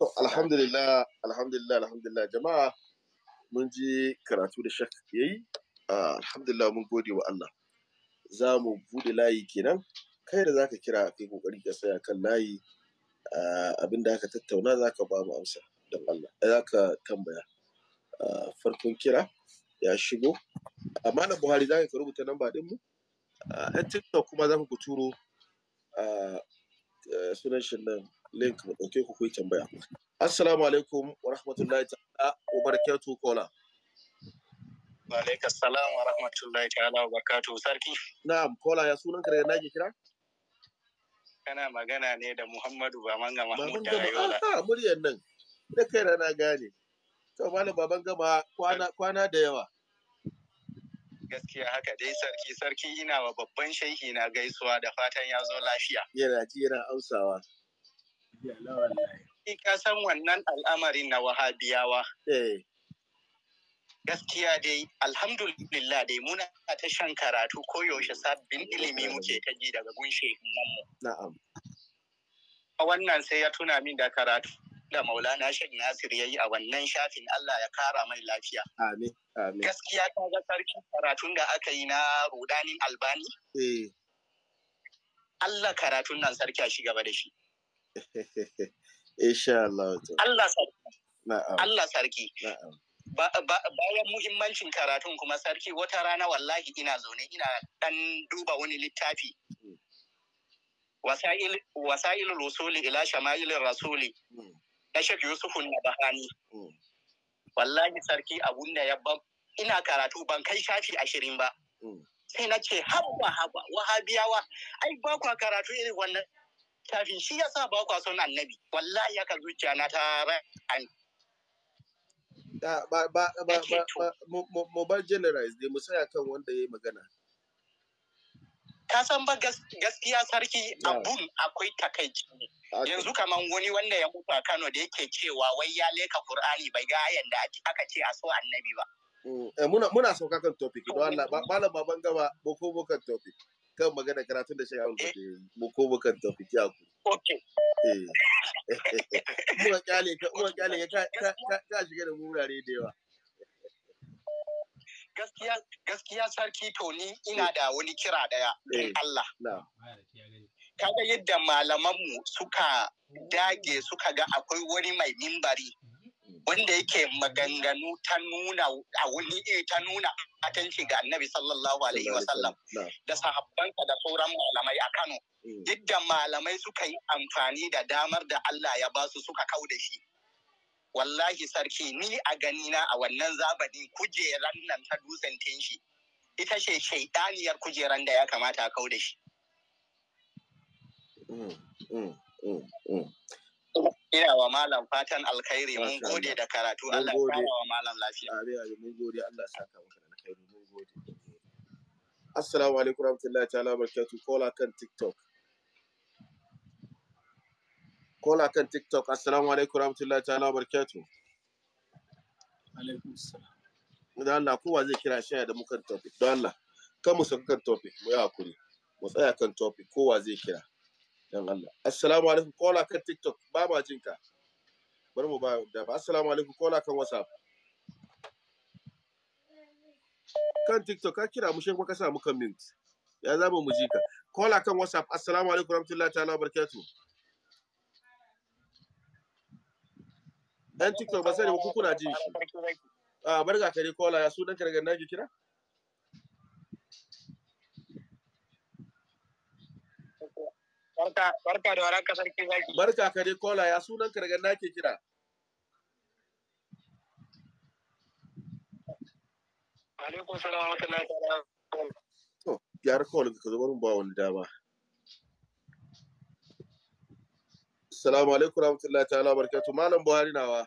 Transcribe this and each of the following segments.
alhamdulillah alhamdulillah alhamdulillah jama'a mun ji karatu da shak ya yi alhamdulillah mun gode wa Allah za mu buɗe layi kenan kai da za ka kira kai kokari ka tsaya kan layi abin da aka tattauna za ka ba mu amsa don Allah eh, ka tambaya farkon kira ya shigo amma na Buhari zaka ka rubuta namba ɗin mu a TikTok kuma za ku turo sunan shi nan link mu dauke ku kai tambaya. Assalamu alaikum wa rahmatullahi ta'ala wa barakatuhu kola. Wa alaikum salam wa rahmatullahi ta'ala wa barakatuhu sarki. Na'am kola ya sunan ka daga nake kira? Kana magana ne da Muhammadu Bamanga Mahmud da Ayola. Ah, muryar nan. Da kai na gane. To malam baban gama kwana kwana da yawa. gaskiya haka dai sarki sarki ina wa babban shehi na gaisuwa da fatan ya zo lafiya. Yana ji yana amsawa. ka san wannan al'amarin na wahabiyawa. Eh. Gaskiya dai, alhamdulillah dai muna ta shan karatu koyaushe sabbin ilimi muke ta ji daga gunshe mu. Wannan sai ya tuna min da karatu da Maulana Sheikh Nasir ya yi a wannan shafin Allah ya kara mai lafiya. Amin. Amin. Gaskiya ta ga sarkin karatun da aka yi na rudanin albani? Eh. Allah karatun nan sarki a shi gaba da shi. Insha Allah. Allah sarki. Allah sarki. Bayan muhimmancin karatun kuma sarki wata rana wallahi ina zaune ina dan duba wani littafi. Hmm. Wasa'il rusuli ila shama'ilin rasuli hmm. na Sheikh Yusufun Nabahani. Hmm. Wallahi sarki abun da ya ina karatu ban kai shafi ashirin ba. Sai na ce habba habba wahabiyawa ai ba kwa karatu irin wannan littafin shi yasa ba kwa son annabi wallahi haka zuciya na ta Da, ba ba ba ba generalize dai mu kan wanda yayi magana ka san ba gaskiya sarki abun akwai takaici yanzu kaman wani wanda ya mutu a Kano da yake cewa wai ya leka Qur'ani bai ga yanda aka ce a so annabi ba mm, eh, muna sauka kan topic don Allah ba malam ban gaba boko boko topic kan magana karatun da eh. shi a mu ko bukan kan tafi kiya eh. ku da yawa gaskiya sarki to ni ina eh. da wani kira daya in Allah kaga yadda malamanmu suka dage suka ga akwai wani mai mimbari wanda yake maganganu ta nuna a wani iri ta nuna atanci ga annabi sallallahu alaihi wasallam da sahabbansa da sauran malamai a Kano mm. duk da malamai suka yi amfani da damar da Allah ya ba su suka kau da shi wallahi sarki ni a gani na a wannan zabani kujeran nan ta dutsen tenshi ita ce shaidaniyar kujeran da ya kamata a kau da shi mm, mm, Ina wa malam fatan alkhairi mun gode da karatu Allah ya kara wa malam lafiya. Abi abi mun gode Allah ya saka maka da alkhairi mun gode. Assalamu alaikum warahmatullahi ta'ala barkatu kola kan TikTok. Kola kan TikTok assalamu alaikum warahmatullahi ta'ala barkatu. Alaikum assalam. Da Allah kowa zai kira shi da mukan topic don Allah. Kan mu saka kan topic mu yi hakuri. Mu tsaya kan topic kowa zai kira. dan Allah assalamu alaikum kola kan tiktok ba ma jin ka bari mu ba da ba assalamu alaikum kola kan whatsapp kan tiktok ka kira mu shekwa ka sa mu kan mint ya za mu ji ka kola kan whatsapp assalamu alaikum rahmatullahi ta'ala barakatuh dan tiktok ba sai ku kuna jin shi Ah barka kare kola ya sunan ka daga naji kira Barka, barka da waraka sarki zaki. Barka ka dai kola ya sunan ka daga ke kira. Alaikum salam wa rahmatullahi wa barakatuh To, gyara kawai ka zo barin ba wani dama. Assalamu alaikum rahmatullahi ta'ala barakatuh malam Buhari nawa.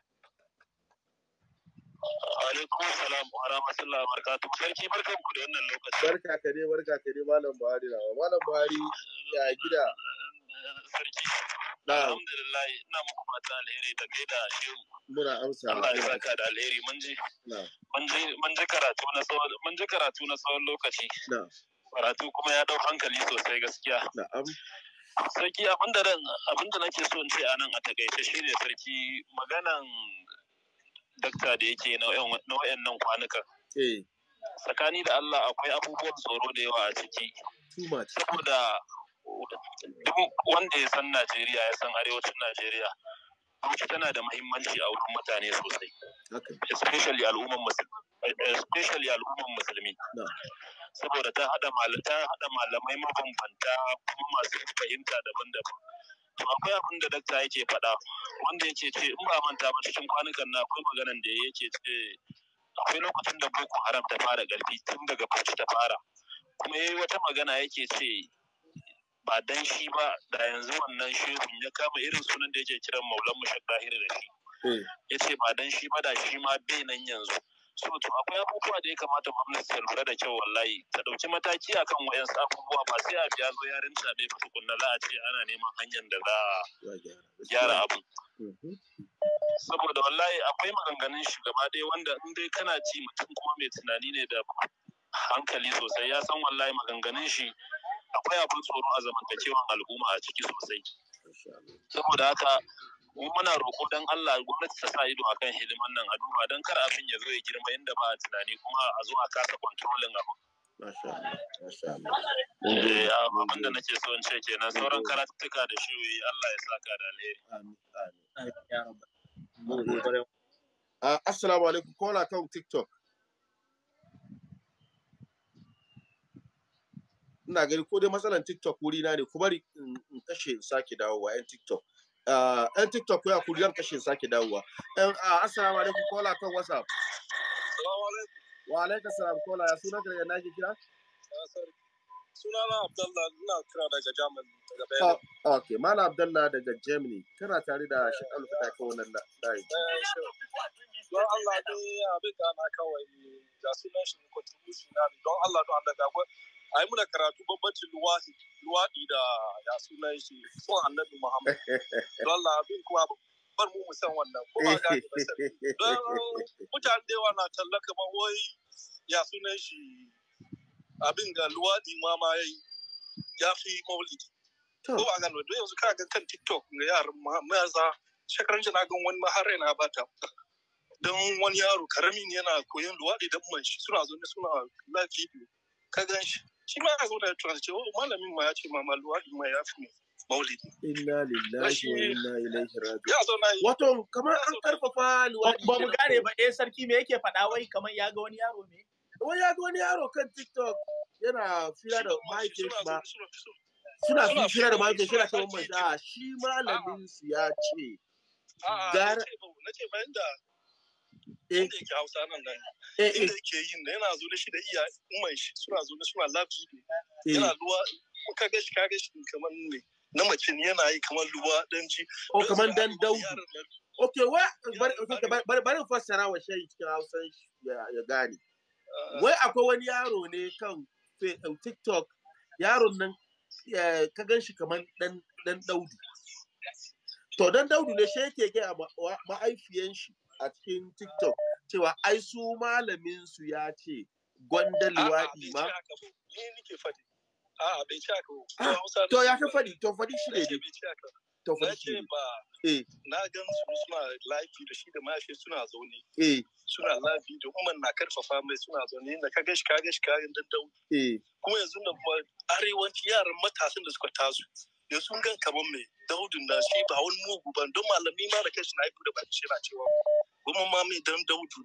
Alaikum salam wa rahmatullahi wa barakatuh sarki barkanku da wannan lokaci. Barka ka dai barka ka dai malam Buhari nawa malam Buhari ya gida. sarki na alhamdulillah ina muku fatan alheri da kai da shehu muna amsa Allah ya saka da alheri mun je mun ji karatu na tsawon mun ji karatu na tsawon lokaci karatu kuma ya dau hankali sosai gaskiya na'am sarki abinda ran abinda nake so in ce anan a takaice shine sarki maganan dakta da yake na wayannan kwanukan eh tsakani da Allah akwai abubuwan tsoro da yawa a ciki saboda duk wanda ya san Najeriya ya san arewacin Najeriya Bauchi tana da muhimmanci a wurin mutane sosai especially al'umman musulmi saboda ta hada malamai mabambanta kuma masu fahimta daban-daban to akwai abin da dakta yake faɗa wanda yake ce in ba manta ba cikin kwanukan na akwai maganan da yake ce akwai lokacin da boko haram ta fara ƙarfi tun daga bauchi ta fara kuma yayi wata magana yake ce ba dan shi ba da yanzu wannan shehun ya kama irin sunan da yake kiran maulan mu shek da shi eh. ya ce ba dan shi ba da shi ma bai nan yanzu so to akwai abubuwa da ya kamata gwamnati ta lura da kyau wallahi ta dauki mataki akan wayansu abubuwa ba sai a biya zo yarin ta bai fito kunna za a ce ana neman hanyar da za a gyara abu mhm. saboda wallahi akwai maganganun gaba ɗaya, wanda in dai kana ci mutum kuma mai tunani ne da hankali sosai ya san wallahi maganganun shi akwai abin tsoro a zamantakewan al'umma a ciki sosai saboda haka muna roƙo don Allah gwamnati ta sa ido akan hiliman nan a duba don kar abin ya zo ya girma inda ba a tunani kuma a zo a kasa kontrolin abin eh, abin da nake so in ce kenan sauran karatuka da shi eh, Allah ya saka da alheri ah, assalamu alaikum kola kan tiktok ina gani ko dai matsalan tiktok wuri na ne kuma in kashe in sake dawowa yan tiktok yan ah, tiktok ya kuri zan kashe in sake dawowa yan ah, assalamu alaikum kola kan whatsapp wa alaika salam kola ya suna daga nake kira ah, na abdallah ina kira daga germany daga bayan ok mala abdallah daga germany kana tare da shi alfita kawo wannan layi eh, don allah ne abin da na kawai ga sunan shi contribution na don allah don allah ga A yi muna karatu bambancin luwaɗi luwaɗi da ya sunan shi son annabi Muhammadu. don abin kuma bar mu mu san wannan ko ba da ba don mutane da yawa na talla kamar wai ya sunan shi abin ga luwaɗi ma ma yayi ya fi maulidi ko ba gani don yanzu ka kan tiktok ga yaran maza shekaran na gan wani maharai na bata don wani yaro karamin yana koyon luwaɗi don man shi suna zo ne suna live video ka gan shi shi ma ya zo da turanci malamin ma ya ce ma ya fi maulidi inna lillahi wa inna ilaihi raji'un wato kamar an karfafa luwaɗi ba mu gane ba eh sarki me yake faɗa wai kamar ya ga wani yaro ne wai ya ga wani yaro kan tiktok yana fira da mahaifin ba suna fi fira da mahaifin suna ta mamman da shi malamin su ya ce gara na ce inda eh, yake hausa nan nan eh, inda eh. yake yin da yana zaune shi da iya umar shi suna zaune suna lafi yana luwa ka ga shi ka shi kamar ne na mace yana yi kamar ruwa dan ci o oh, kamar dan daudu okay wa bari bari fassara wa shi cikin hausa ya gane ah. wai akwai wani yaro ne kan um, TikTok yaron nan ka gan shi kamar dan daudu to dan daudu ne shi yake ga ma'aifiyan shi a cikin TikTok cewa ai su malamin su ya ce gwanda luwaɗi ma. Ah, to ya ka faɗi, to faɗi shi ne. To faɗi shi ne. Eh. Na gan su suna laifi da shi da mashi suna zaune. Eh. Suna laifi da umar na karfafa mai suna zaune inda kaga shi kaga shi ka yin eh. Kuma yanzu da arewanci yaran matasan da suka taso. da sun gan kaman mai daudin da shi ba wani mugu ba don malami ma da kashi na haifu da ba shi na cewa kuma ma mai dan daudu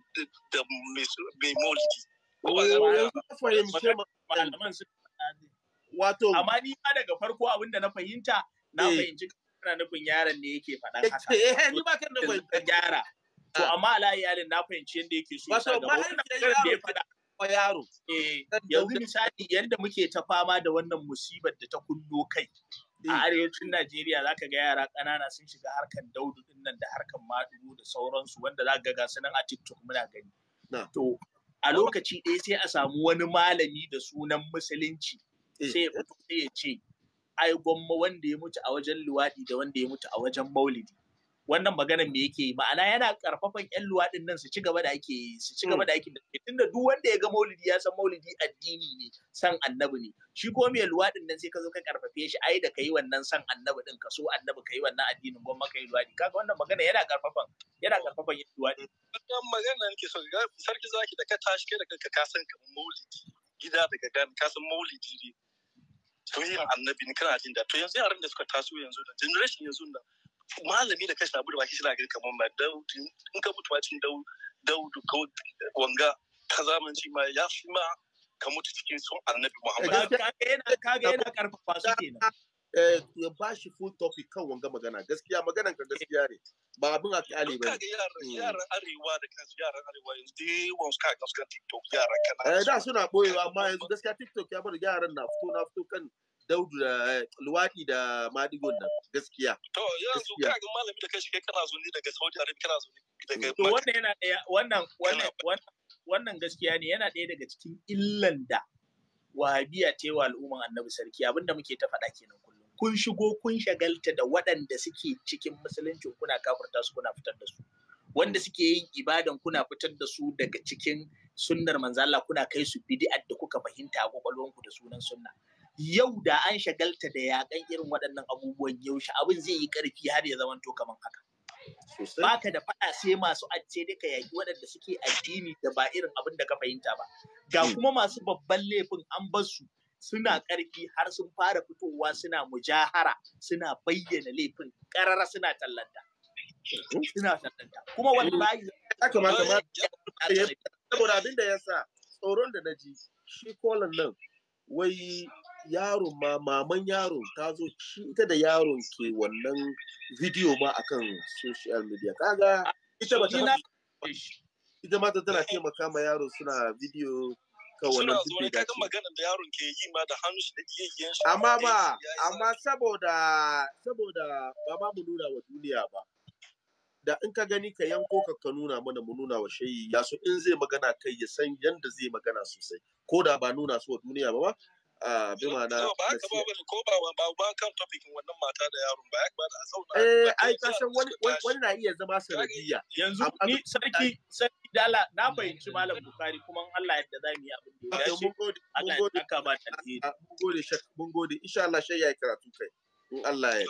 da mai molidi. Eh, Wato. Amma ni ma daga farko abin da na fahimta, na eh. fahimci kana nufin yaron ne yake faɗan eh, haka. Eh, ni ba kan da Gyara. To ah. amma ala iyalin na fahimci yadda yake so. Wato mahaifiyar yaro faɗa. Yaro. Eh, yanzu misali yadda muke ta fama da wannan musibar da ta kunno kai. a arewacin Najeriya za ka ga yara ƙanana sun shiga harkar daudu ɗin nan da harkar maɗuru da sauransu wanda za ga su nan a TikTok muna gani. To a lokaci ɗaya sai a samu wani malami da sunan musulunci eh. sai ya fito sai ya ce ai gwamma wanda ya mutu a wajen luwaɗi da wanda ya mutu a wajen maulidi. wannan maganar me yake yi ma'ana yana karfafan yan luwaɗin nan su ci gaba da ake yi su ci gaba mm. da ake yi tunda duk wanda ya ga maulidi ya san maulidi addini ne san annabi ne shi ko me luwaɗin nan sai ka zo ka karfafe shi ai da kai wannan san annabi din ka so annabi kai wannan addinin gwamma kai luwaɗi kaga wannan magana yana karfafan yana karfafan yan luwaɗi mm. wannan magana nake so sarki zaki da ka tashi kai da kanka ka san kamar maulidi gida daga gan ka san maulidi ne yin annabi ne kana jin da to yanzu yaran da suka taso yanzu da generation yanzu da malami da kashi abu da baki shi na kamar ma daudu in ka mutu bacin daudu ko wanga ta zamanci ma ya fi ma ka mutu cikin sun annabi muhammadu eh, kaga yana karfafa su kenan eh, ya ba shi full topic kan wanga magana gaskiya maganan ka gaskiya ne ba abin a kyale ba hmm. yaran arewa da kansu yaran arewa yanzu dai wan suka ga suka tiktok yaran kana eh, da suna boyewa amma yanzu gaskiya tiktok ya bar yaran na fito na fito kan daudu da eh, da madigon nan gaskiya to yanzu ga malami da kashi kai kana zuni ne daga Saudi Arabia kana zuni daga mm. wannan yana daya wannan wannan wannan gaskiya ne yana daya daga cikin illan da wahabiya ta yi wa al'umman annabi sarki abinda muke ta faɗa kenan kullum kun shigo kun shagalta da waɗanda suke cikin musulunci kuna kafurta su kuna fitar da su wanda suke yin ibadan kuna fitar da su daga cikin sunnar Manzala, kuna kai su bidi'ar da kuka fahimta a kwakwalwanku da sunan sunna yau da an shagalta da yakan irin waɗannan abubuwan yaushe abin zai yi ƙarfi har ya zama zamanto kamar haka. Baka da faɗa sai masu ajiye duka yaƙi waɗanda suke addini da ba irin abin da ka fahimta ba. Ga hmm. kuma masu babban laifin an basu suna ƙarfi har sun fara fitowa suna mujahara suna bayyana laifin ƙarara suna tallanta. Suna tallanta. Kuma wallahi. Hmm. Ya kamata saboda abin da ya sa tsoron da na ji shi kolin nan wai yaron ma maman yaron ta zo shi ita da yaron ke wannan video ma akan social media kaga ita ba ta ita ma tana eh. taimaka ma yaro suna video ka wannan duk da maganar da yaron ke yi ma da hannu da iyayen shi amma ba amma saboda saboda ba ma mu nuna wa duniya ba da in ka gani ka yanko ka ka nuna mana mu nuna wa shayi ya so in zai magana kai ya san yanda zai magana sosai ko da ba nuna su wa duniya ba bima bi ma na ba ka ba bane ko ba ba ba kan topikin wannan mata da yaron ba ya ba da zauna eh ai ka san wani na iya zama sanadiyya yanzu ni sarki sarki dala na hmm. fahimci malam bukari kuma Allah yadda za mu yi abin da ya shi Allah ya saka ba ta alheri ah, mun gode mun gode insha Allah sai yayi karatu kai in Allah ya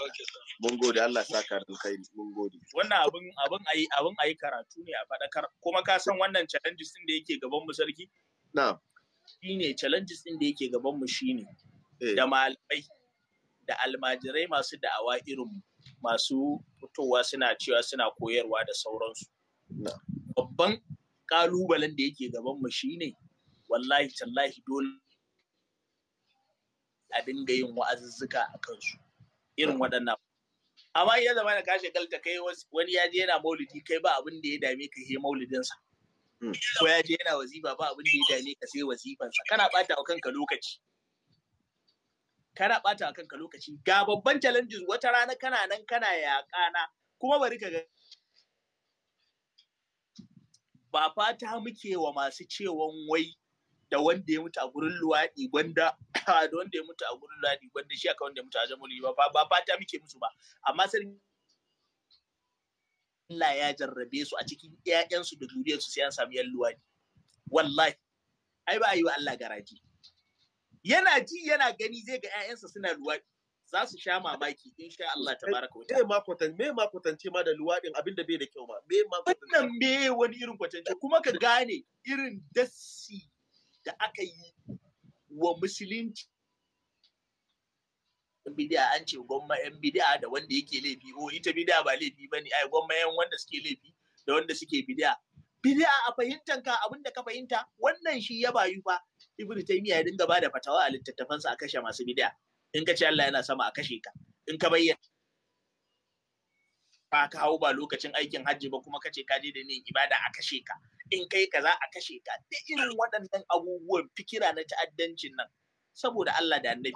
mun gode Allah ya saka da kai mun gode wannan abin abin ayi abin ayi karatu ne a fadakar kuma ka san wannan challenges din da yake gaban mu sarki na'am shine challenges din da yake gaban mu shine eh. da malamai da almajirai masu da'awa irin masu fitowa suna cewa suna koyarwa da sauransu babban kalubalen da yake gaban mu shine wallahi tallahi dole a dinga yin wa'azuzzuka a kansu irin waɗannan amma ya zama da kashe galta kai wani ya je yana maulidi kai ba abin da ya dame ka he maulidinsa ko hmm. ya je yana wazifa ba abin da ya dame ka sai wazifansa kana bata wa kanka lokaci kana bata wa kanka lokaci ga babban challenges wata rana kana nan kana yaƙa na, kuma bari ka ga ba fata muke wa masu cewan wai da wanda ya mutu a gurin luwaɗi gwanda da wanda ya mutu a gurin luwaɗi gwanda shi aka wanda ya mutu a jamhuri ba ba fata muke musu ba amma sai Allah ya jarrabe su a cikin ƴaƴansu da zuriyarsu sai an samu yan luwadi wallahi ai ba a yi wa Allah garaji yana ji yana gani zai ga ƴaƴansa suna luwadi za su sha mamaki in sha Allah tabaraka wata me ma kwatan me ma kwatance ma da luwadin abinda bai da kyau ma me ma wannan me wani irin kwatance kuma ka gane irin dassi da aka yi wa musulunci bidiya an ce gwamma yan bidiya da wanda yake laifi o oh, ita bidiya ba laifi ba ne ai gwamma yan wanda suke laifi da wanda suke bidiya bidiya a fahimtar ka abin da ka fahimta wannan shi ya bayu fa ibnu taymiya ya dinga ba da fatawa a littattafansa a kashe masu bidiya in ka ce Allah yana sama a kashe ka in ka bayyana ba ka hau ba lokacin aikin hajji ba kuma ka ce ka je da niyan ibada a kashe ka in kai ka za a kashe ka duk irin waɗannan abubuwan fikira na ta'addancin nan saboda Allah da annabi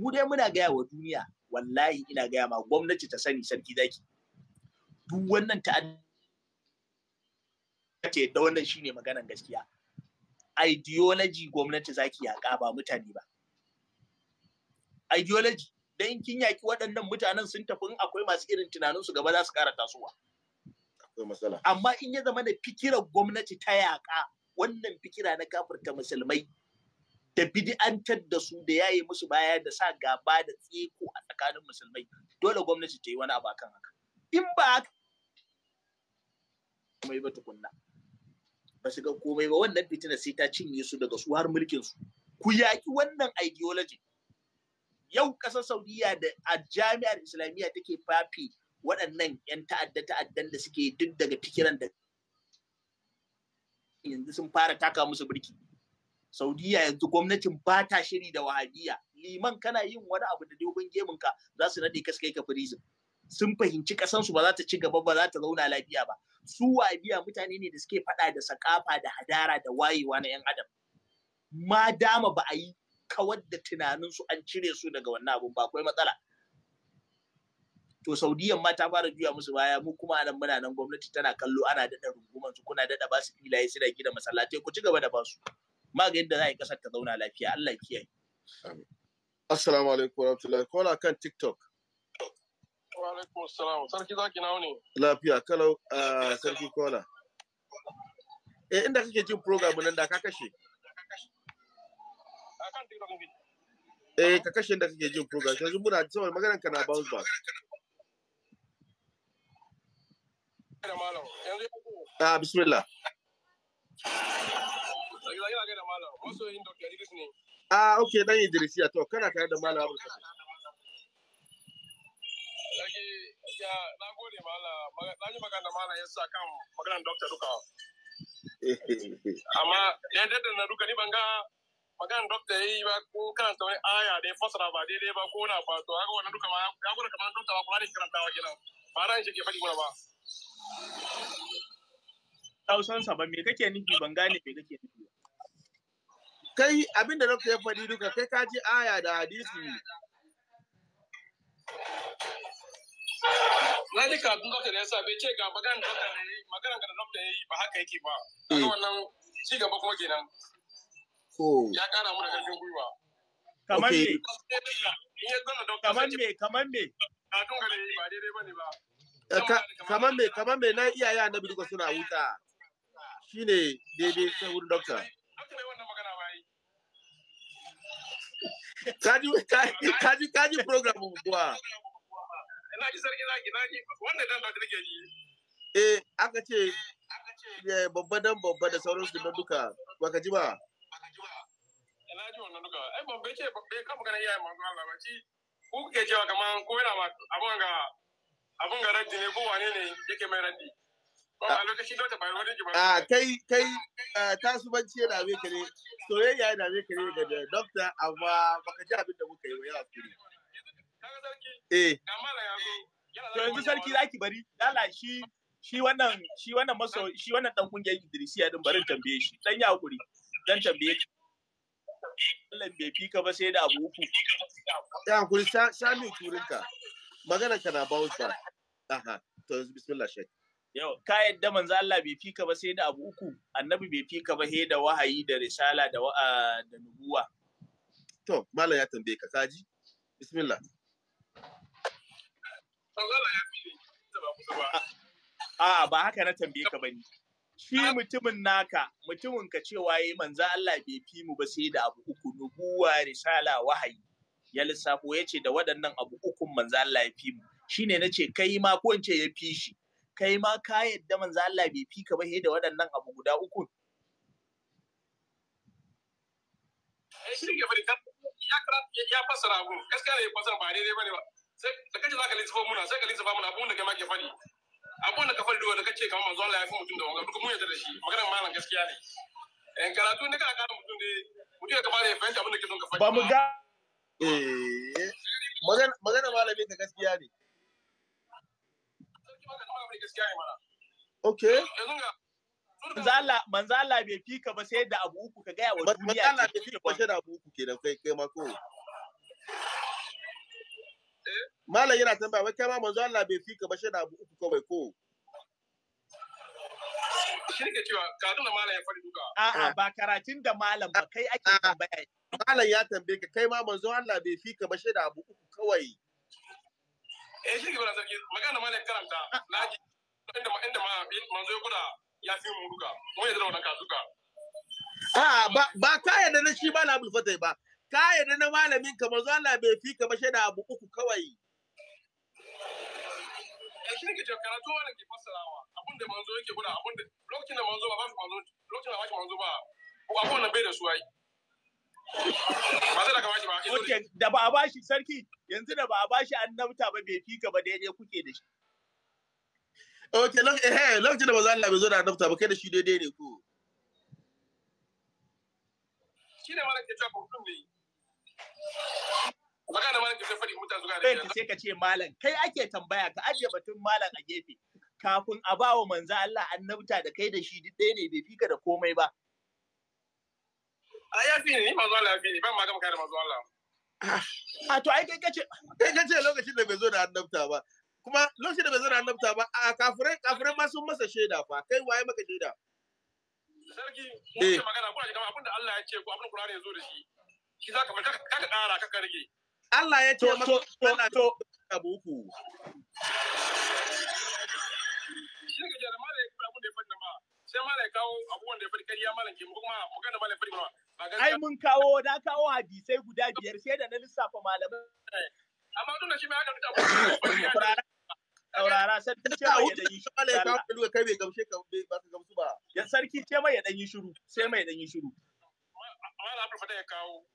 mu dai muna gaya wa duniya wallahi ina gaya ma gwamnati ta sani sarki zaki duk wannan ta ce da wannan shine maganan gaskiya ideology gwamnati zaki yaƙa ba mutane ba ideology dan kin yaki waɗannan mutanen sun tafi in akwai masu irin tunanin su gaba za su ƙara tasowa amma in ya zama da fikirar gwamnati ta yaƙa wannan fikira na kafirta musulmai da bid'antar da su da yayi musu baya da sa gaba da tseko a tsakanin musulmai dole gwamnati ta yi wani abu akan haka in ba haka ba tukunna ba su ga komai ba wannan fitina sai ta cinye su daga su har mulkin su ku yaki wannan ideology yau ƙasar saudiya da a jami'ar islamiyya take fafi waɗannan 'yan ta'adda ta'addan da suke duk daga fikiran da yanzu sun fara taka musu birki Saudiya yanzu gwamnatin ba ta shiri da wahabiya. Liman kana yin wani abu da dogon gemunka za su nade ka kai ka prison. Sun fahimci ƙasansu ba za ta ci gaba ba za ta zauna lafiya ba. Su wahabiya mutane ne da suke faɗa da sakafa da hadara da wayewa na 'yan adam. Ma dama ba a yi kawar da tunaninsu an cire su daga wannan abun ba akwai matsala. to saudiyan ma ta fara juya musu baya mu kuma anan muna nan gwamnati tana kallo ana daɗa rungumansu su kuna daɗa basu filaye suna gina masallatai ku ci gaba da su. ma ga yadda za a yi ƙasar ta zauna lafiya Allah ya kiyaye assalamu alaikum warahmatullahi kola kan tiktok wa alaikum assalam sarki zaki nawo ne lafiya kalau ah, sarki kola eh inda kake jin program nan da ka kashe eh ka kashe inda kake jin program yanzu muna saboda maganar ka na bounce back Ah, bismillah. masoyin Dr. Idris ne. Ah, ok, dan Idris ya to kana tare da Malam Abdul Kadir. ya na gode Malam, na ji magana da Malam ya sa kan maganar Dr. Duka. Amma ya dadda na duka ni ban ga maganar Dr. yi ba ko karanta wani aya da ya fasara ba daidai ba ko na ba to haka wannan duka ma ya gode kamar Dr. ba Qur'ani karantawa kenan. Ba ran shi ke faɗi mana ba. Tausansa ba me kake nufi ban gane me kake nufi ba. kai abin da dokta ya faɗi duka kai ka ji aya da hadisi na ji karatun dokta da ya sa bai ce ga maganar dokta da ya yi maganar da dokta ya yi ba haka yake ba kaga eh. wannan ci gaba kuma kenan ya kara mu da ƙarfin gwiwa kamar me kamar me kamar me kamar me kamar me na iyaye annabi duka suna huta shine daidai sai wurin dokta kaji kaji program kuwa ina ji sarki na gina ji wannan dan da nake yi eh aka ce eh, babba dan babba da sauransu duka ji ba ina ji wannan duka ce kan magana iyaye manzo Allah ci ku cewa kaman ko yana abun ga abun ga raddi ne ko wane ne yake mai raddi Ah. a ah, kai kai ah, tasubanci da dame ka ne soyayya da dame ka ne ga dokta amma baka ji abin da muka yi wa yawa kuri eh to yanzu sarki zaki bari lala shi shi wannan shi wannan maso shi wannan dan kungiyar ya din barin tambaye shi dan ya hakuri dan tambaye shi Allah bai fi ka ba sai da abu uku ya hakuri sha mai turinka magana kana bounce back aha to bismillah shek yau ka yadda manzo Allah bai fika ba sai da abu uku annabi bai fika ba sai da wahayi da risala da ah, da nubuwa to malam ya tambaye ka saji bismillah A'a ba haka na tambaye ka bane. Shi mutumin naka, mutumin ka cewa yayi manzo Allah bai fi mu ba sai da abu uku nubuwa, risala, wahayi. Ya lissafo ya ce da waɗannan abu ukun manzo Allah ya fi mu. Shine nace kai ma ko in ce ya fi shi. kai ma ka yadda manzo Allah bai ka ba da waɗannan abu guda uku eh, ya fasara abu gaskiya ne ya fasara ba daidai bane ba sai da za ka lissafa muna sai ka lissafa muna abun da kai ma ke fadi abun da ka fadi da kace kamar manzo Allah ya fi mutum da wanga duk mun yarda da shi maganar malam gaskiya ne in eh, karatu ne kana kana mutum ne mutum ya kamata ya fahimta abin da ke son ka fadi ba mu ga eh magana malamin ka gaskiya ne Okay. Manzala manzala bai fi ka ba sai da abu uku ka gaya wa duniya. Manzala bai fi ka sai da abu uku kenan kai kai ma ko. Eh? Malam yana tambaya wai kai ma manzo Allah bai fi ka ba sai da abu uku kawai ko. Shirke cewa karatun da malam ya fari duka. Ah. A'a ba karatun da malam ba kai ake ah. tambaya. Malam ya tambaye ka kai ma manzo Allah bai fi ka ba sai da abu uku kawai. eh shi gibran sarki magana ma ne karanta ah, ah. na ji inda inda ma manzo ya guda ya fi mu duka mu yadda wannan kasuka a ah, ba ba ka yadda na shi ba na abul fatai ba ka yadda na malamin ka manzo Allah bai fi ka ba shaida abu uku kawai Eh shi ne karatu wannan ke fassarawa abin da manzo yake guda abin da lokacin da manzo ba ba manzo lokacin da ba shi manzo ba ko abin nan bai da su ai Ba da ba. Ok, ba a bashi sarki, yanzu da ba a bashi annabta ba bai fika ba daidai kuke da shi. Ok, eh, lokacin da ba za Allah bai zo da annabta ba kai da shi daidai ne ko. Shi ne malam ke cewa mutum ne. Magana malam ke cewa faɗi mutane zuwa da yanzu. Sai ka ce malam, kai ake tambaya ka ajiye batun malam a gefe. Kafin a ba wa manzo Allah annabta da kai da shi duk ɗaya ne bai fika da komai ba. a ya fi ni manzo Allah ya fi ni ban ma gama kare manzo la. a ah, to ai kai kace kai kace lokacin da bai zo da annabta ba kuma lokacin da bai zo da annabta ba a kafirai kafirai ma sun masa shaida fa kai waye maka shaida sarki mun ce eh. magana kuna da abin da Allah ya ce ko abin Qur'ani ya zo da shi shi zaka ka ka ƙara ka karge Allah ya ce maka to to abu sai mala ya kawo abubuwan da ya faɗi ke kuma magana ma ai mun kawo na kawo hadisai guda biyar sai da na lissafa malamai eh, amma tun da shi mai sarki ce mai yi shiru kai bai gamshe ka ba ka gamsu ba ya sarki ce mai dan yi shiru sai mai dan yi shiru fata ya kawo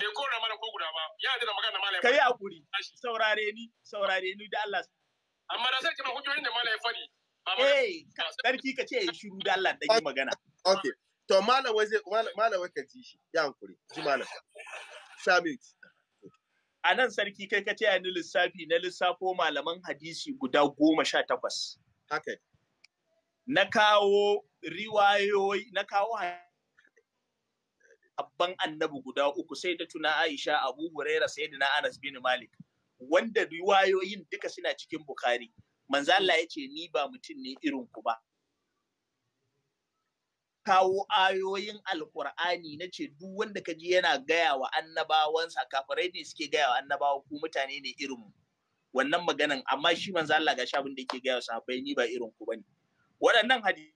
bai mana ko guda ba ya da magana kai hakuri saurare ni saurare ni da Allah amma da sai kuma ya sarki ka ce ya shiru da Allah dan yi magana. Okay. To malam wai zai malam wai ka ji shi. Ya hankuri. Ji malam. Shamit. A nan sarki kai ka ce ni lissafi na lissafo malaman hadisi guda goma sha takwas. Haka. Na kawo riwayoyi, na kawo abban annabi guda uku sai da tuna Aisha Abu Huraira sai da na Anas bin Malik. Wanda riwayoyin duka suna cikin Bukhari. manzo hmm. Allah ya ce ni ba mutum ne irin ku ba kawo ayoyin alkur'ani na ce duk wanda ka ji yana gaya wa annabawansa kafirai ne suke gaya wa annabawa ku mutane ne irin mu wannan maganan amma shi manzo Allah ga shabin da yake gaya wa sahabbai ni ba irin ku bane waɗannan hadisi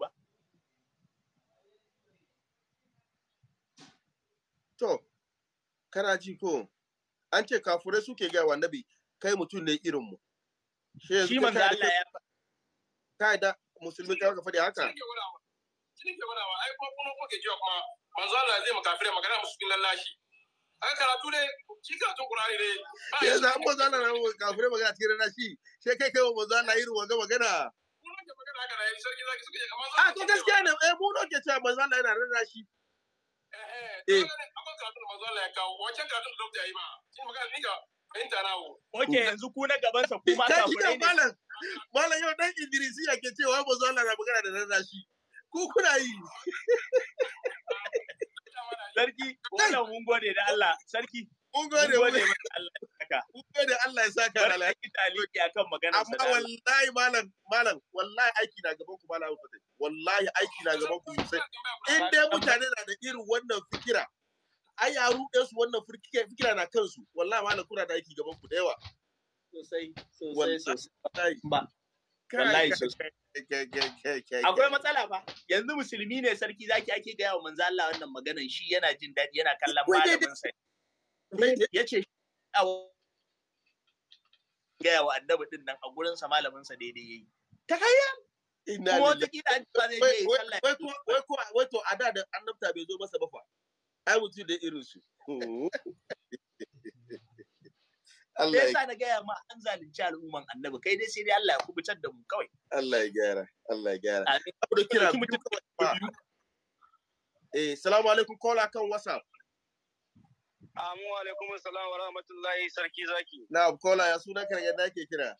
ba to kana ji ko an ce kafirai suke gaya wa annabi kai mutum ne irin mu shi manzo Allah ya ka da musulmi ka faɗi haka shi ke gwadawa ai kuma kuma kuma ke jiwa kuma manzo Allah zai makafirai magana musu lallashi aka karatu ne shi karatu Qur'ani ne ya za mu zana na kafirai magana cikin lallashi sai kai kai manzo Allah irin wanga magana ah, a to gaskiya ne eh mu ke cewa manzo Allah yana lallashi eh eh, eh. akwai karatu manzo Allah ya kawo wancan karatu da dokta yayi shi magana ni ka Oke yanzu ku na gabansa kuma kafirai ne. Malam yau dan Idrisiya ke cewa ba zo Allah na magana da rarrashi. Ku kuna yi. Sarki, wannan mun gode da Allah. Sarki, mun gode mun gode Allah ya saka Allah ya taliki akan maganar sa amma wallahi malam malam wallahi aiki na gaban ku malam fatai wallahi aiki na gaban ku sosai in dai mutane na da irin wannan fikira ai ya ruɗe su wannan fikira na kansu wallahi ma kura da yake gaban ku da yawa sosai sosai ba wallahi sosai akwai matsala ba yanzu musulmi ne sarki zaki ake gaya wa manzo Allah wannan maganan shi yana jin dadi yana kallon malamin sa yace ga wa annabi din nan a gurin sa malamin sa daidai yayi ta kayan ina ne wai ko wai ko a da annabta bai zo masa ba fa ai mutum da irin su Allah ya sa gaya ma an zalunci al'umman annabi kai dai sai dai Allah ya kubutar da mu kawai Allah ya gyara Allah ya gyara amin da kira eh salamu alaikum kola kan whatsapp Amu alaikum salam wa rahmatullahi sarki zaki. Na kola ya suna kan yadda ake kira.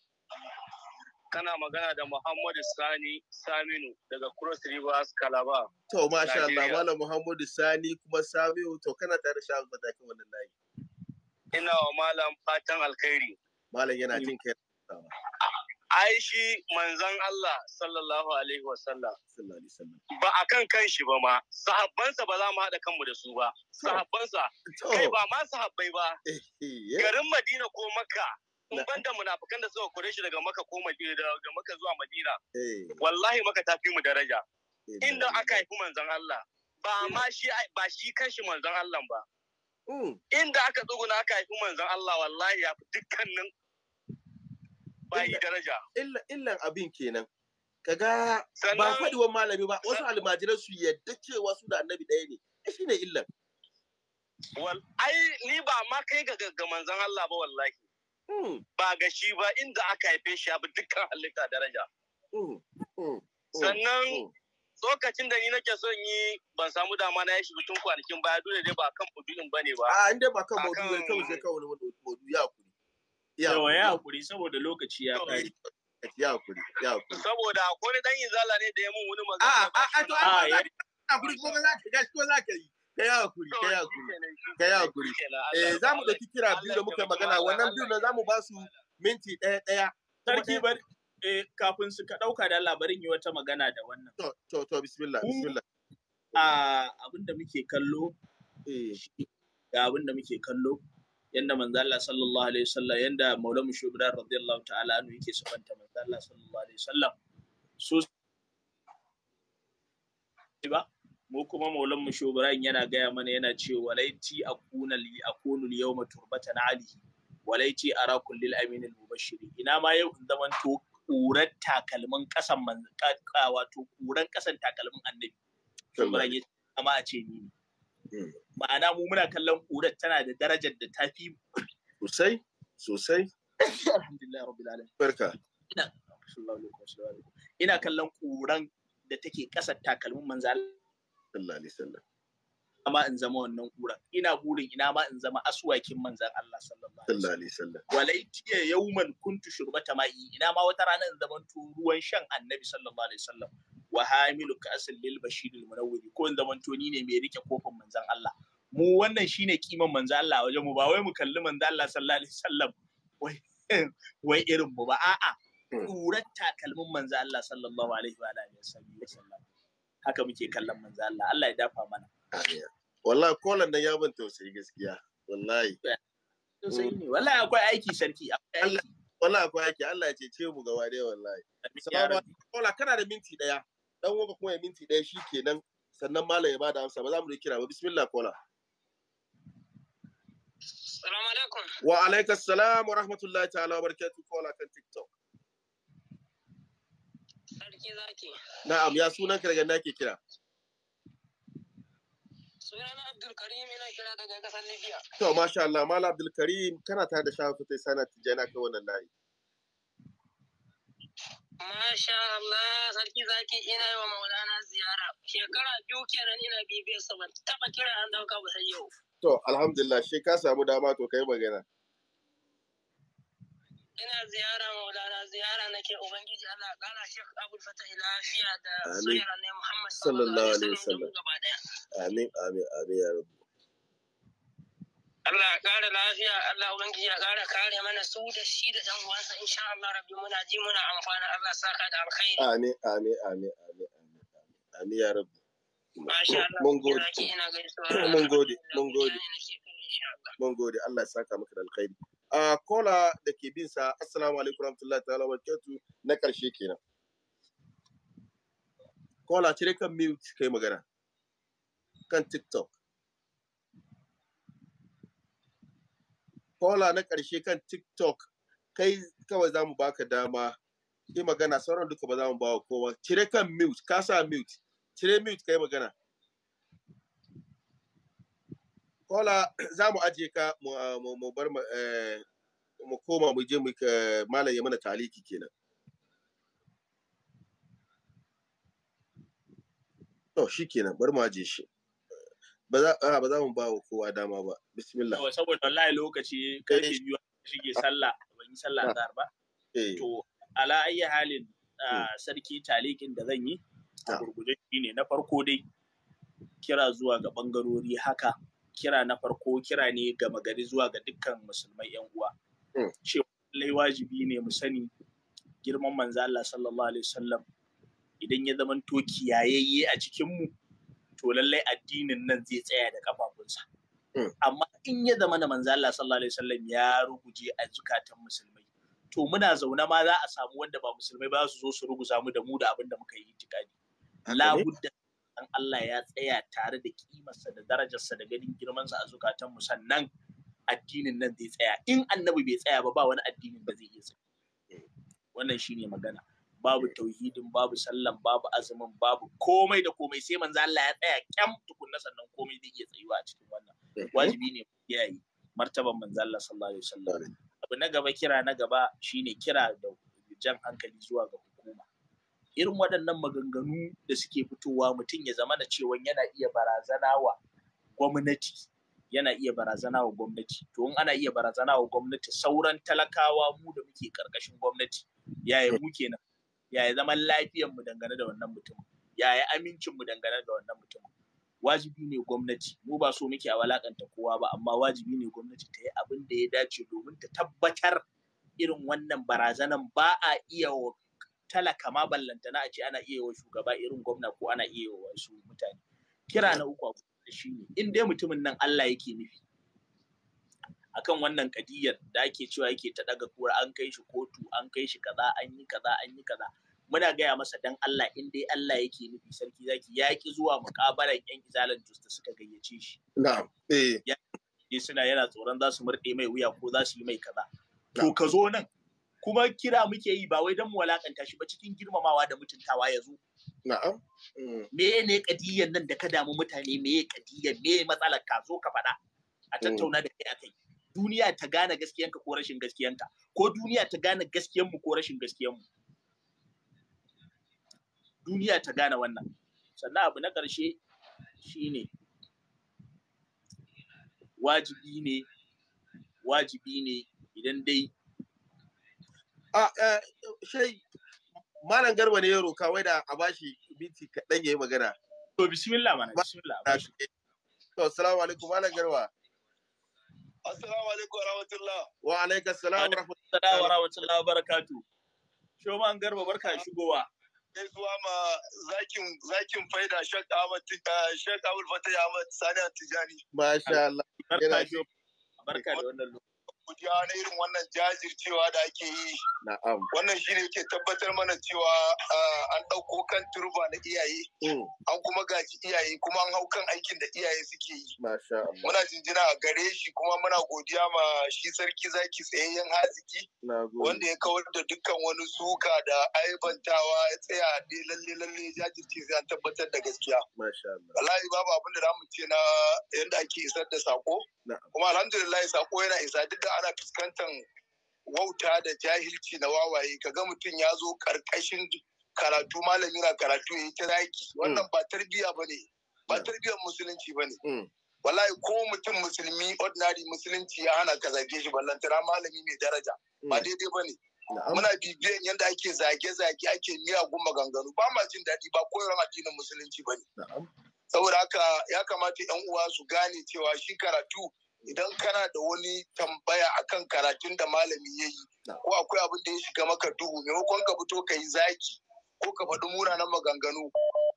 kana magana da Muhammadu Sani Saminu daga Cross Rivers Calabar. To masha Allah Malam Muhammadu Sani kuma Saminu to kana tare shi a matakin wannan layi. Ina wa Malam fatan alkhairi. Malam yana jin kai. Ai shi manzon Allah sallallahu alaihi sallam. Ba a kan kan shi ba ma, sahabbansa ba za mu haɗa kanmu da su ba. Sahabbansa, kai ba ma sahabbai ba. Eh, eh, eh. Garin Madina ko Makka ban da munafukan da suka kore shi daga maka ko daga maka zuwa madina eh. wallahi maka ta fi mu daraja eh, inda aka haifi manzon Allah ba hmm. ma shi ba shi kanshi manzon Allah ba hmm. inda aka tsuguna aka haifi manzon Allah wallahi ya fi dukkanin bayi daraja illa abin kenan kaga ba faɗiwan malami ba wasu almajiran su yadda cewa su da annabi ɗaya ne shine illan ai ni ba ma kai ga manzon Allah ba wallahi Hmm. ba ga shi ba inda aka haife shi abu dukkan halitta daraja. Hmm. Hmm. Sannan tsokacin da ni nake son yi ban samu dama na yashi tun kwanakin baya dole dai ba kan budu ba ne ba. A inda ba kan budu ne kawai sai kawai budu ya kuri. Yawa ya kuri saboda lokaci ya kai. Ya kuri ya kuri. Saboda akwai wani dan izala ne da ya mun wani magana. A a to an ba za ka ko za ka yi. ka yi hakuri ka yi hakuri ka yi hakuri eh za mu ɗauki kira biyu da muka magana wannan biyu na za mu ba su minti ɗaya ɗaya sarki bari eh kafin su ka ɗauka da labarin yi wata magana da wannan to to to bismillah bismillah a abinda da muke kallo eh. ga abinda da muke kallo yanda manzo Allah sallallahu alaihi wasallam yanda maulamu shubran radiyallahu ta'ala anhu yake sufanta manzo Allah sallallahu alaihi wasallam su ba mu kuma maulan mu shugaban yana gaya mana yana ce walaiti akuna li akunu yawma turbatan alihi walaiti ara kullil aminil mubashiri ina ma yau in zaman to kuran takalmin kasan manzon wato kuran kasan takalmin annabi shugaban ya amma a ce ni ne. Hmm. ma'ana mu muna kallon kurar tana da darajar da ta fi sosai sosai alhamdulillah rabbil alamin barka ina kallon kuran da take kasar takalmin manzon sallallahu alaihi wasallam ma in zama wannan kura ina burin ina ma in zama aswakin manzan Allah sallallahu alaihi wasallam walaitiya yawman kuntu shurbata ma'i ina ma wata rana in zama to ruwan shan annabi sallallahu alaihi wasallam wa hamilu ka'asin lil bashir al munawwir ko in zama to ni ne mai rike kofin manzan Allah mu wannan shine kiman manzan Allah wajen mu ba wai mu kalli manzan Allah sallallahu alaihi wasallam wai wai irin mu ba a'a hmm. kuratta takalmin manzan Allah sallallahu alaihi wa alihi wasallam haka muke kallon manzo Allah Allah ya dafa mana wallahi kolan nan ya ban tausayi gaskiya wallahi tausayi ne wallahi akwai aiki sarki wallahi akwai aiki Allah ya cece mu gaba dai wallahi salamu kola kana da minti daya dan uwanka kuma ya minti daya shikenan sannan malam ya bada amsa ba za mu da kira ba bismillah kola Assalamu alaikum. Wa alaikas wa rahmatullahi ta'ala wa barakatuh kola kan TikTok. sarki zaki. Na'am, ya sunan ka daga na ke kira. Sunana Abdul Karim ina kira daga kasar Libya. To, masha Allah, Mala Abdul Karim kana tare da shafa fitai sana tijjana kai wannan layi. Masha Allah, sarki zaki ina yi wa maulana ziyara. Shekara biyu kenan ina bibiyar sa ban taɓa kira an dauka ba sai yau. To, alhamdulillah, shi ka samu dama to kai magana. ina ziyara maulana ziyara na ke ubangiji Allah kara shek abul fatah lafiya da soyayya ne muhammad sallallahu alaihi wasallam amin amin amin ya rabu Allah ya kara lafiya Allah ubangiji ya kara kare mana su da shi da dan uwansa insha Allah rabbi muna ji muna amfana Allah sa ka da alkhairi amin amin amin amin amin amin ya rabu mun gode mun gode mun gode mun gode Allah saka maka da alkhairi a kola da ke bin sa assalamu alaikum warahmatullahi ta'ala wa na karshe kenan kola cire kan mute kai magana kan tiktok kola na karshe kan tiktok kai kawai za mu baka dama yi magana sauran duka ba za mu ba wa kowa cire kan mute ka sa mute cire mute kai magana kola za mu ajiye ka mu ah, bar eh, mu koma mu je mu eh, malam ya mana taliki kenan to shi kenan bar mu ajiye shi ah, ba za mu ba wa kowa dama ba bismillah saboda wallahi lokaci karfe eh. biyu shige sallah ban yi sallah azhar ba to ala ayi halin ah, hmm. sarki talikin da zan yi a gurguje shine na farko dai kira zuwa ga bangarori haka kira na farko kira ne ga magari zuwa ga dukkan musulmai yan uwa hmm. cewa lai wajibi ne mu sani girman manzo Allah sallallahu alaihi wasallam idan ya zama to kiyayayye a cikin mu to lallai addinin nan zai tsaya da kafafunsa hmm. amma in ya zama da manzo Allah sallallahu alaihi wasallam ya ruguje a zukatan musulmai to muna zaune ma za a samu wanda ba musulmai ba su zo su ruguza mu da mu da abin da muka yi itikadi la budda dan Allah ya tsaya tare da kimarsa da darajarsa da ganin girmansa a zukatan mu sannan addinin nan zai tsaya in annabi bai tsaya ba ba wani addinin ba zai iya tsaya eh, wannan shine magana babu eh. tauhidin babu sallan babu azumin babu komai da komai sai manzo Allah ya tsaya kyam tukunna sannan komai zai iya tsayuwa a cikin wannan eh. wajibi ne ya martaban manzo Allah sallallahu alaihi wasallam abu na gaba kira na gaba shine kira da jan hankali zuwa ga irin waɗannan maganganu da suke fitowa mutum ya zama da cewa yana iya barazana wa gwamnati yana iya barazana wa gwamnati to in ana iya barazana wa gwamnati sauran talakawa mu da muke karkashin gwamnati yaya mu kenan yaya zaman lafiyar mu dangane da wannan mutum yaya amincin mu dangane da wannan mutum wajibi ne gwamnati mu ba so muke a walakanta kowa ba amma wajibi ne gwamnati ta yi abin da ya dace domin ta tabbatar irin wannan barazanan ba a iya talaka ma na a ce ana iya wa shugaba irin gwamna ko ana iya wa wasu mutane kira na uku a shi ne in dai mutumin nan Allah yake nufi akan wannan kadiyar da ake cewa yake ta daga kura an kai shi kotu an kai shi kaza an yi kaza an yi kaza muna gaya masa dan Allah in dai Allah yake nufi sarki zaki ya ki zuwa mukabaran yan izalan justa suka gayyace shi na'am eh suna yana tsoron za su murɗe mai wuya ko za su yi mai kaza to ka zo nan kuma kira muke yi ba wai don mu walakanta shi ba cikin girmamawa da mutuntawa ya zo. Na'am. Mm. Me ne kadiyan nan da ka damu mutane me ye kadiyan me matsalar ka zo ka faɗa a mm. tattauna da kai kai. Duniya ta gane gaskiyanka ko rashin gaskiyanka ko duniya ta gane gaskiyanmu ko rashin gaskiyanmu. Duniya ta gane wannan. Sannan abu na ƙarshe ne wajibi ne wajibi ne idan dai a eh, shai malam garba ne ya roka wai da a bashi minti kaɗan ya yi magana to bismillah mana bismillah to assalamu alaikum malam garba assalamu alaikum warahmatullah wa alaikum assalam warahmatullah warahmatullah wabarakatuh shoman garba barka shigowa gaisuwa ma zakin zakin faida Sheikh Ahmad eh, Sheikh Abdul Fatah Ahmad Sani Tijani masha Allah barka da wannan lokaci godiya na irin wannan jajircewa da ake yi. Wannan shi ne ke tabbatar mana cewa ah, an ɗauko kan turba na iyaye, mm. an kuma gaji iyaye kuma an hau kan aikin da iyaye suke yi. Muna jinjina a gare shi kuma muna godiya ma shi sarki zaki tsayayyen haziki wanda ya kawar da dukkan wani suka da aibantawa ya tsaya ne lalle lalle jajirce sai an tabbatar da gaskiya. Wallahi babu abin da za mu ce na yadda ake isar da sako. Kuma alhamdulillah sako yana isa duk da ana fuskantar wauta da jahilci na wawaye ga mutum ya zo karkashin karatu malami na karatu ya yi ta zaki mm. wannan ba tarbiyya ba ne ba mm. tarbiyyar musulunci ba ne mm. wallahi ko mutum musulmi ordinary musulunci ya hana ka zage shi ballantana malami mai daraja ba daidai ba ne muna bibiyan yadda ake zage-zage ake miyagun maganganu ba ma jin daɗi ba koyon addinin musulunci ba ne saboda haka ya kamata 'yan uwa su gane cewa shi karatu idan kana da wani tambaya akan karatun da malami ya yi ko akwai abin da ya shiga maka duhu maimakon ka fito ka yi zaki ko ka faɗi na maganganu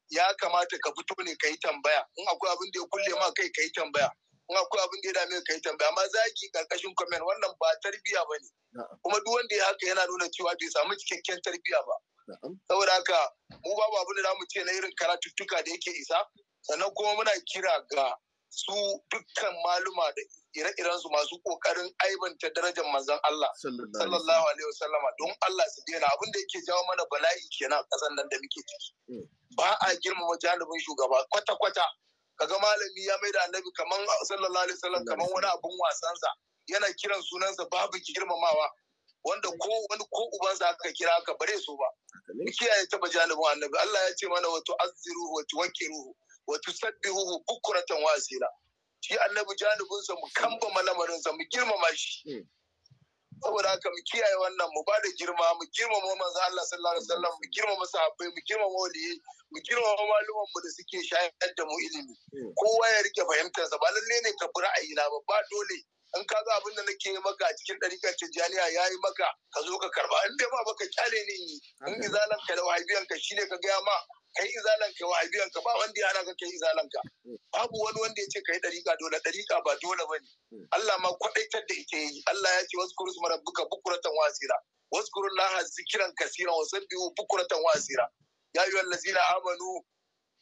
ya kamata ka fito ne ka yi tambaya in akwai abin da ya kulle ma kai ka yi tambaya in akwai abin da ya dame ka yi tambaya amma zaki karkashin kwamen wannan ba tarbiyya ba ne kuma duk wanda ya haka yana nuna cewa bai samu cikakken tarbiyya ba saboda haka mu babu abin da za mu ce na irin karatuttuka da yake isa sannan kuma muna kira ga su dukkan maluma da ire-iren su masu kokarin aibanta darajar manzon Allah sallallahu alaihi wasallama don Allah su daina abin da yake jawo mana bala'i kenan a kasan nan da muke ciki mm. ba a girmama janibin shugaba kwata-kwata kaga malami ya mai da annabi kaman sallallahu alaihi wasallam kaman wani abun wasansa yana kiran sunansa babu girmamawa wanda ko wani ko ubansa aka kira aka bare su ba kiyaye taba janibin annabi Allah ya ce mana wato azziru wa tuwakkiruhu wa tusabbihuhu bukratan wa asila shi annabi janibin sa mu kambama lamarin sa mu girmama shi hmm. saboda haka mu kiyaye wannan mu bada girma mu girmama manzo Allah sallallahu alaihi wasallam mu girmama sahabbai mu girmama waliyai mu girmama malaman mu da suke shayar da mu ilimi hmm. kowa ya rike fahimtar sa ba lalle ne ka bi ra'ayina ba ba dole in ka za abin da nake maka a cikin ɗarikar tijjaniya ya yi maka ka zo ka karba in dai ba maka kyale ne yi in izalan ka da wahabiyan ka shine ka gaya ma kai izalan ka da ka ba wanda ya ka kai izalan hmm. babu wani wanda ya ce ka yi ɗarika dole ɗarika ba dole ba ne hmm. Allah ma kwaɗaitar da ita yi Allah ya ce wasu kurus marabbuka bukuratan wasira wasu kurun laha zikiran kasiran wasu biyu bukuratan wasira ya yi wallazina amanu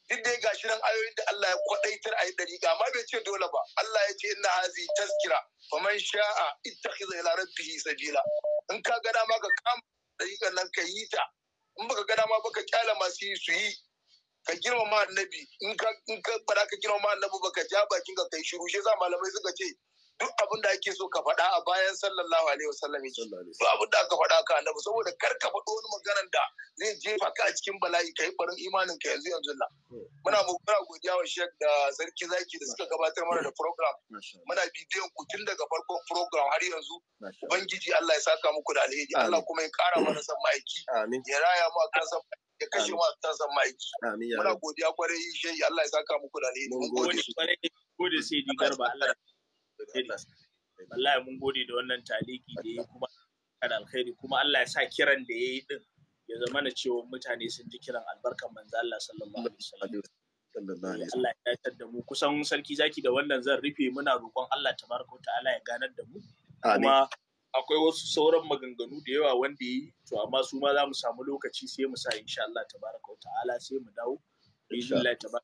duk dai gashi nan ayoyin da Allah ya kwadaitar a ga amma bai ce dole ba Allah ya ce inna hazi taskira man sha'a ittakhiza ila rabbihi sabila in ka ga dama ka kama dariƙan nan ka yi ta in baka ga dama baka kyala masu yi su yi ka girmama annabi in ka in ka bara ka girmama annabi baka ja bakin ka kai shiru shi za malamai suka ce duk abin da ake so ka faɗa a bayan sallallahu alaihi wasallam yake ba abin da aka faɗa ka annabi saboda kar ka faɗo wani maganar da zai jefa ka a cikin bala'i kai barin imanin ka yanzu yanzu na hmm. muna muna godiya wa shek da sarki zaki da suka gabatar mana da program muna bidiyon ku tun daga farkon program har yanzu ubangiji Allah ya saka muku da alheri Allah kuma ya kara mana san ma'aiki ya raya mu akan san ya kashe mu akan san ma'aiki muna godiya kwarai shi Allah ya saka muku da alheri mun gode kwarai gode sai di garba Allah alkhairi wallahi mun gode da wannan taliki da ya kuma kan alkhairi kuma Allah ya sa kiran da ya yi din ya zama na cewa mutane sun ji kiran albarkan manzo Allah sallallahu alaihi wasallam Allah ya dace da mu kusan sarki zaki da wannan zan rufe muna roƙon Allah tabaraka ta'ala ya ganar da mu kuma akwai wasu sauran maganganu da yawa wanda yi to amma su ma za mu samu lokaci sai mu sa insha Allah tabaraka ta'ala sai mu dawo Insha Allah tabaraka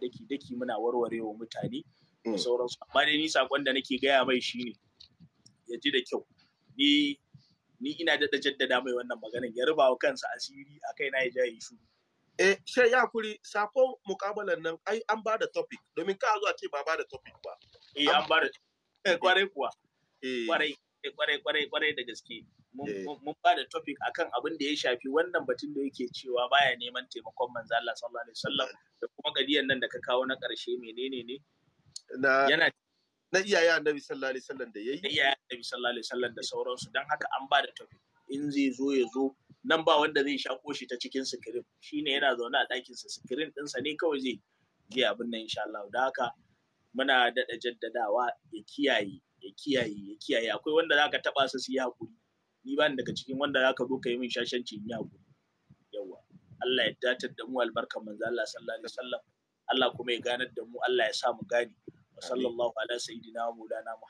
daki daki muna warwarewa mutane Mm. sauransu amma dai ni sakon da nake gaya mai shine ya ji da kyau ni ni ina da jaddada mai wannan maganin ya rubawa kansa asiri a kai na ya jaye shi eh she ya kuri sako mukabalan nan ai an ba da topic domin ka zo a ce ba ba da topic ba eh an ba da eh, kwarai kuwa eh. kwarai eh, kwarai kwarai kwarai da gaske mun ba da topic akan abin da ya shafi wannan batun da yake cewa baya neman taimakon manzo Allah sallallahu alaihi wasallam da kuma gadiyan nan da ka kawo na karshe menene ne na yana na iyaye annabi sallallahu alaihi wasallam da yayi iyaye annabi sallallahu alaihi wasallam da sauransu dan haka an ba da topic in zai zo ya zo nan ba wanda zai sha koshi ta cikin sikirin shine yana zaune a ɗakin sa sikirin ɗinsa ne kawai zai ji abin nan insha Allah dan haka muna daɗa jaddadawa ya kiyaye ya kiyaye ya kiyaye akwai wanda zaka taba su su yi hakuri ni ba daga cikin wanda zaka zo ka yi min shashanci in yi hakuri yawa Allah ya datar da mu albarkar manzo Allah sallallahu alaihi wasallam Allah kuma ya ganar da mu Allah ya sa mu gani wa sallallahu ala sayyidina maulana muhammad